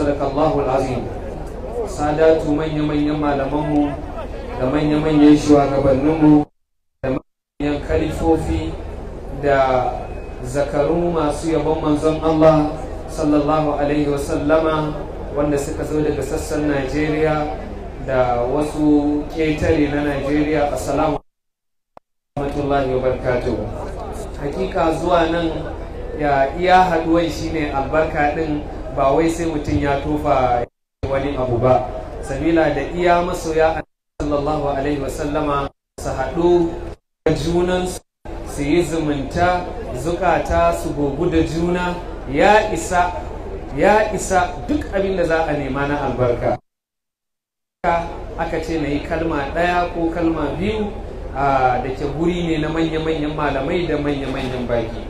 sadakallahu al'azim sadatu manya-manyan malamanmu da manya-manyan shugabanninmu da manyan kalifofi da zakaru masu yabon manzon Allah sallallahu alaihi wasallama wanda suka zo daga sassan Najeriya da wasu ketare na Najeriya assalamu alaikum wa hakika zuwa nan ya iya haduwan shine albarka din ba wai sai mutum ya tofa wani abu ba sabila da iya masoya sallallahu alaihi wasallama su haɗu da junan su yi zumunta zukata su gogu da juna ya isa ya isa duk abin da za a nema na albarka aka ce na yi kalma ɗaya ko kalma biyu da ke guri ne na manya-manyan malamai da manya-manyan baki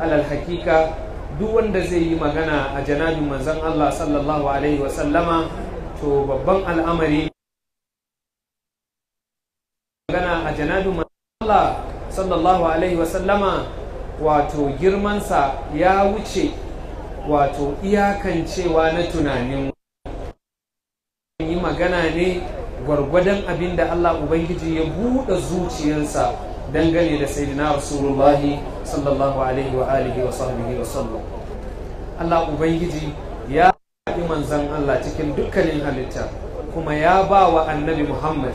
alal hakika duk wanda zai yi magana a janabin manzon Allah sallallahu alaihi wasallama to babban al'amari magana a janabin manzon Allah sallallahu alaihi wasallama wato girmansa ya wuce wato iyakancewa na tunanin yi magana ne gwargwadon abin da Allah Ubangiji ya buɗe zuciyarsa dangane da sayyidina rasulullahi sallallahu alaihi wa alihi wa sahbihi wa sallam Allah ubangiji ya yi manzon Allah cikin dukkanin halitta kuma ya ba wa annabi Muhammad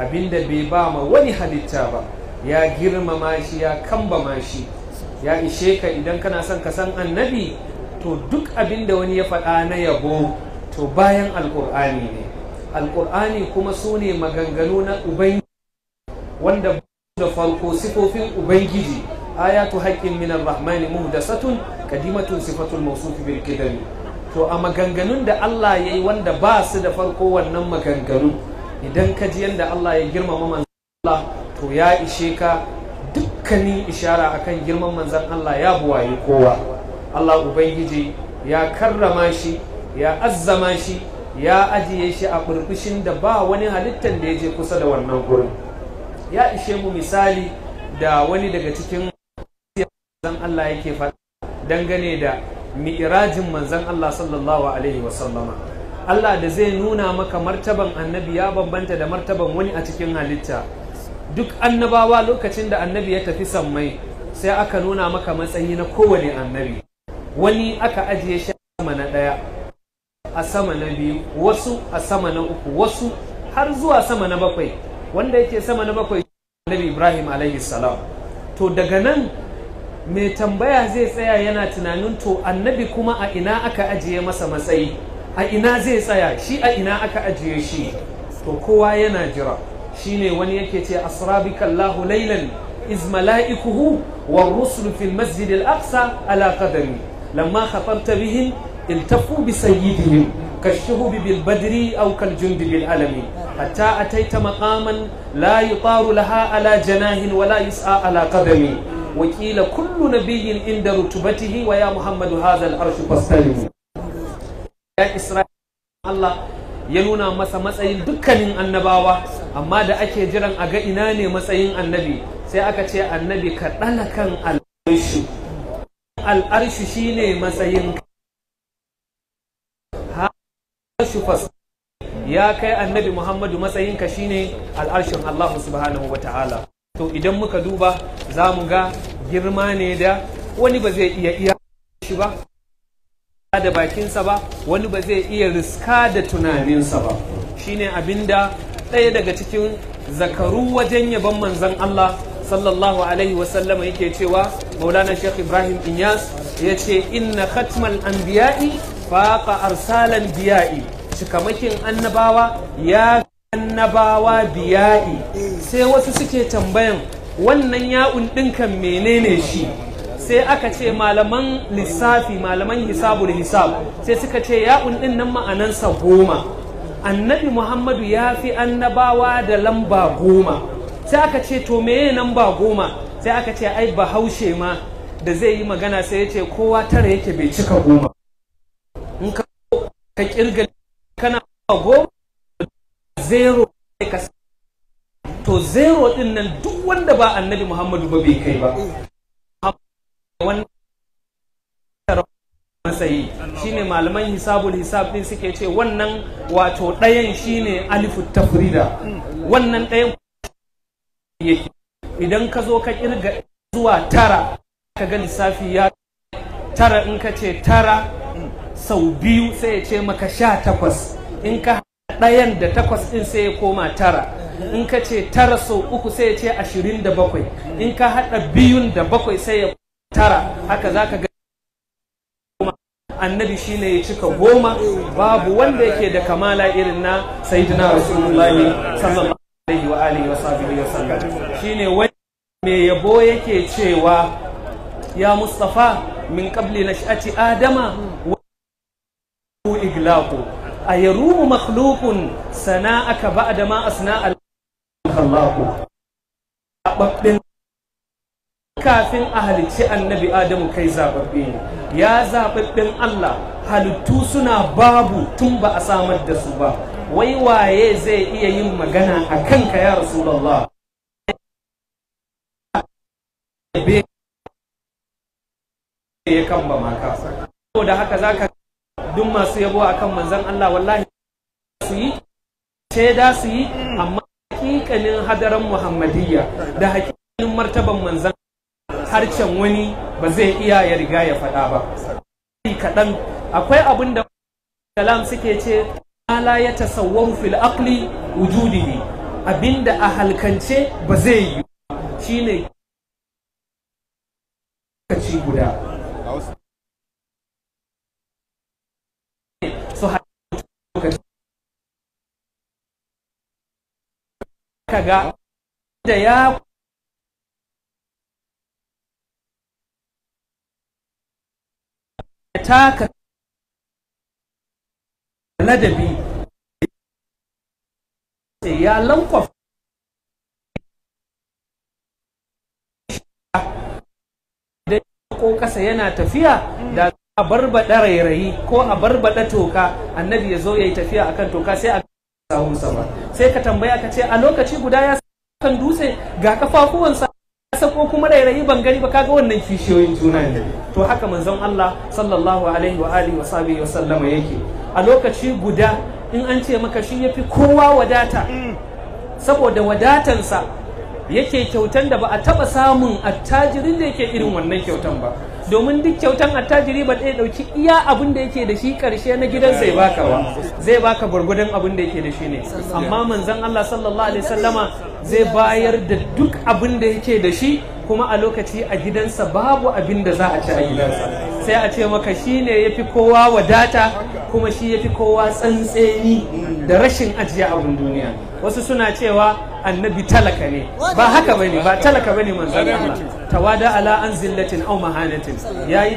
abinda bai ba ma wani halitta ba ya girmama shi ya kambama shi ya ishe ka idan kana son ka san annabi to duk abinda wani ya faɗa na yabo to bayan alƙur'ani ne alƙur'ani kuma sune maganganu na ubangiji wanda da farko sifofin ubangiji ayatu haƙƙin minar rahmani muhdasatun kadimatun sifatul mawsufi bil kidami to a maganganun da Allah ya yi wanda ba su da farko wannan maganganu idan ka ji yadda Allah ya girmama manzan Allah to ya ishe ka dukkanin ishara akan girman manzan Allah ya buwaye kowa Allah ubangiji ya karrama shi ya azzama shi ya ajiye shi a burbushin da ba wani halittar da ya je kusa da wannan gurin ya ishe mu misali da wani daga cikin manzon Allah yake faɗa dangane da mi'irajin manzon Allah sallallahu alaihi wasallama Allah da zai nuna maka martaban annabi ya bambanta da martaban wani a cikin halitta duk annabawa lokacin da annabi ya tafi sammai sai aka nuna maka matsayi na kowane annabi wani aka ajiye shi sama na ɗaya a sama na biyu wasu a sama na uku wasu har zuwa sama na bakwai wanda yake sama na bakwai annabi ibrahim alaihi salam to daga nan mai tambaya zai tsaya yana tunanin to annabi kuma a ina aka ajiye masa matsayi a ina zai tsaya shi a ina aka ajiye shi to kowa yana jira shine wani yake ce asrabika allahu laylan iz mala'ikuhu war rusul fil masjid al aqsa ala qadari lamma khatarta bihim iltafu bi sayyidihim kashuhu bil badri aw kal jundi bil alami hatta ataita maqaman la yuqaru laha ala janahin wala yus'a ala qadami وقيل كل نبي عند رتبته ويا محمد هذا العرش فاستلم يا إسرائيل الله يلونا مسا matsayin dukkanin annabawa amma da ake jiran a ga ina ne matsayin annabi sai aka ce annabi ka dala kan al'arshi al'arshi shine matsayin al'arshi fas ya kai annabi muhammadu matsayinka shine al'arshin allah subhanahu wa ta'ala to idan muka duba za mu ga girma ne da wani ba zai iya iya shi ba da bakinsa ba wani ba zai iya riska da tunaninsa ba shine abinda ɗaya daga cikin zakaru wajen yaban manzon allah sallallahu alaihi wasallama yake cewa maulana sheikh ibrahim inyas ya ce inna khatmal anbiya'i faqa arsalan biya'i cikamakin annabawa ya annabawa biya'i sai wasu suke tambayan wannan ya'un ɗinkan menene shi sai aka ce malaman lissafi malaman hisabu da hisab sai suka ce ya'un ɗin nan ma'anansa goma annabi muhammadu ya fi annabawa da lamba goma sai aka ce to meye lamba goma sai aka ce ai bahaushe ma da zai yi magana sai ya ce kowa tara yake bai cika goma in ka kirga kana goma zero ne ka to zero din nan duk wanda ba annabi muhammadu ba bai kai ba matsayi shine malaman hisabul hisab din suke ce wannan wato ɗayan shine alifu tafrida wannan ɗayan yake idan ka zo ka kirga zuwa tara ka ga lissafi ya tara in ka ce tara sau biyu sai ya ce maka sha takwas in ka ɗayan da takwas ɗin sai ya koma tara in ka ce tara sau uku sai ya ce ashirin da bakwai in ka haɗa biyun da bakwai sai ya tara haka za ka ga annabi shi ne ya cika goma babu wanda yake da kamala irin na sayyidina rasulullahi sallallahu alaihi wa alihi wa sahbihi wa sallam shine wani me yabo yake cewa ya mustafa min qabli nash'ati adama ko iglaku a yarumu makhlukun sana'aka ba'da ma asna kafin a halicci annabi adamu kai zababbe ne ya zababbin Allah halittu suna babu tun ba a samar da su ba wai waye zai iya yin magana a kanka ya Rasulallah? ya ba maka saboda haka zaka duk masu yabo a kan manzan Allah wallahi su yi sai da su yi amma hakikanin hadaran muhammadiyya da hakikanin martaban manzan harshen wani ba zai iya ya riga ya faɗa ba kaɗan akwai abin da kalam suke ce ala ya tasawwaru fil aqli ne. abinda a halkance ba zai yi shine kaci guda ka ga da ya taka ladabi ya lankwa da ko kasa yana tafiya da a barbaɗa rairayi ko a barbaɗa toka annabi ya zo ya yi tafiya akan toka sai a sawunsa ba sai ka tambaya ka ce a lokaci guda ya kan dutse ga kafafuwansa ya sako kuma rairayi ban gani ba kaga wannan kishiyoyin juna ne to haka manzon Allah sallallahu alaihi wa alihi wa sahbihi wa sallama yake a lokaci guda in an ce maka shi yafi kowa wadata saboda wadatansa yake kyautan da ba a taba samun attajirin da yake irin wannan kyautan ba domin duk kyautan attajiri ba ɗaya ɗauki iya abin da yake da shi karshe na gidan zai baka ba zai baka gwargwadon abin da yake da shi ne amma manzon Allah sallallahu alaihi wasallama zai bayar da duk abin da yake da shi kuma a lokaci a gidansa babu abin da za a ci a gidansa sai a ce maka shi ne ya fi kowa wadata kuma shi ya fi kowa tsantseni da rashin ajiye abin duniya wasu suna cewa annabi talaka ne ba haka ba ne ba talaka ba ne manzan Allah tawada ala an zillatin au mahanatin ya yi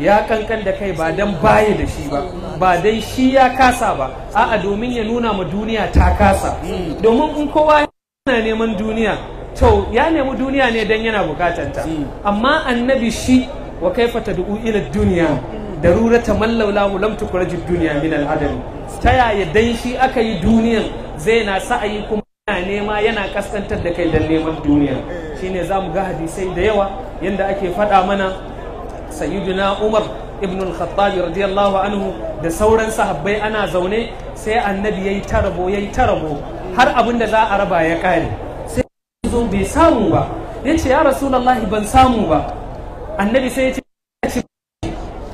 ya kankan da kai ba dan baye da shi ba ba dan shi ya kasa ba a'a domin ya nuna ma duniya ta kasa domin in kowa yana neman duniya to ya nemi duniya ne dan yana bukatanta hmm. amma annabi shi wa kaifa tad'u ila duniya da rura ta mallaula lam tukrajid duniya min al'adami ta yaya dan shi aka yi duniyan zai na sa'ayi kuma yana nema yana kaskantar da kai don neman duniya shine zamu ga hadisai da yawa yadda ake faɗa mana sayyiduna umar ibn al-khattabi radiyallahu anhu da sauran sahabbai ana zaune sai annabi yayi tarabo yayi tarabo har abin da za a raba ya kare zo bai samu ba ya ce ya rasulallahi ban samu ba annabi sai ya ce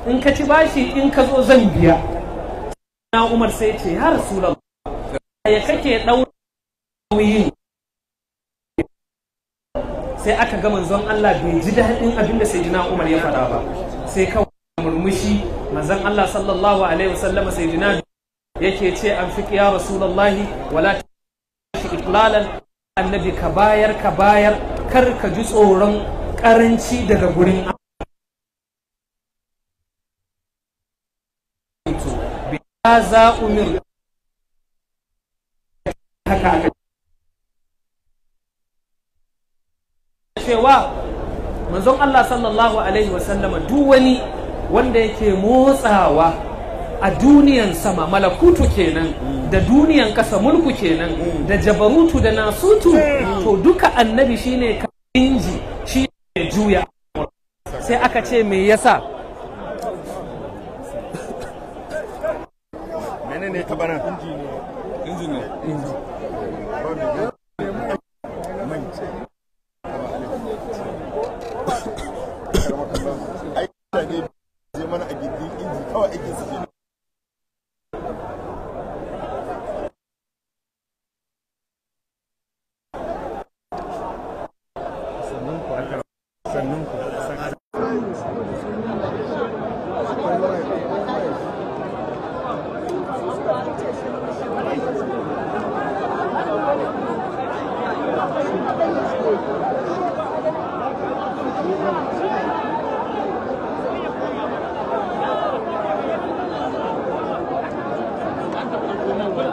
in ka ci bashi in ka zo zan biya na umar sai ya ce ya rasulallahi ya kake ɗaura sai aka ga manzon Allah bai ji daɗin abin da sayyidina Umar ya faɗa ba sai kawai murmushi manzon Allah sallallahu alaihi wasallam sayyidina yake ce an fi ya rasulullahi wala shi iqlalan annabi ka bayar ka bayar kar ka ji tsoron karanci daga gurin umir cewa manzon Allah sallallahu alaihi wasallama duk wani wanda yake motsawa a duniyan sama malakutu kenan da duniyan kasa mulku kenan da jabarutu da nasutu to duka annabi shine ka inji shi ne juya sai aka ce me yasa menene bana inji ne inji ne Thank you.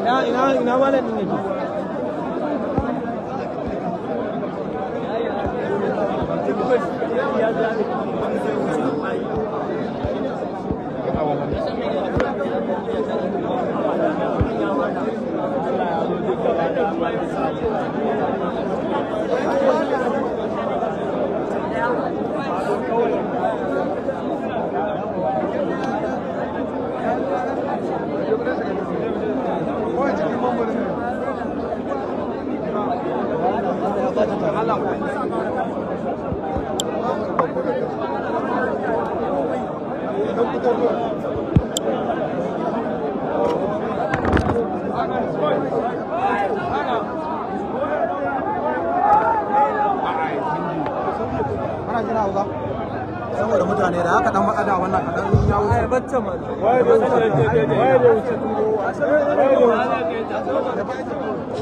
ina ina ina malam din yake saboda mutane da haka dan makada wannan kadan ya wuce ai bacce man wai da wuce wai da wuce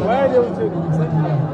wai da wuce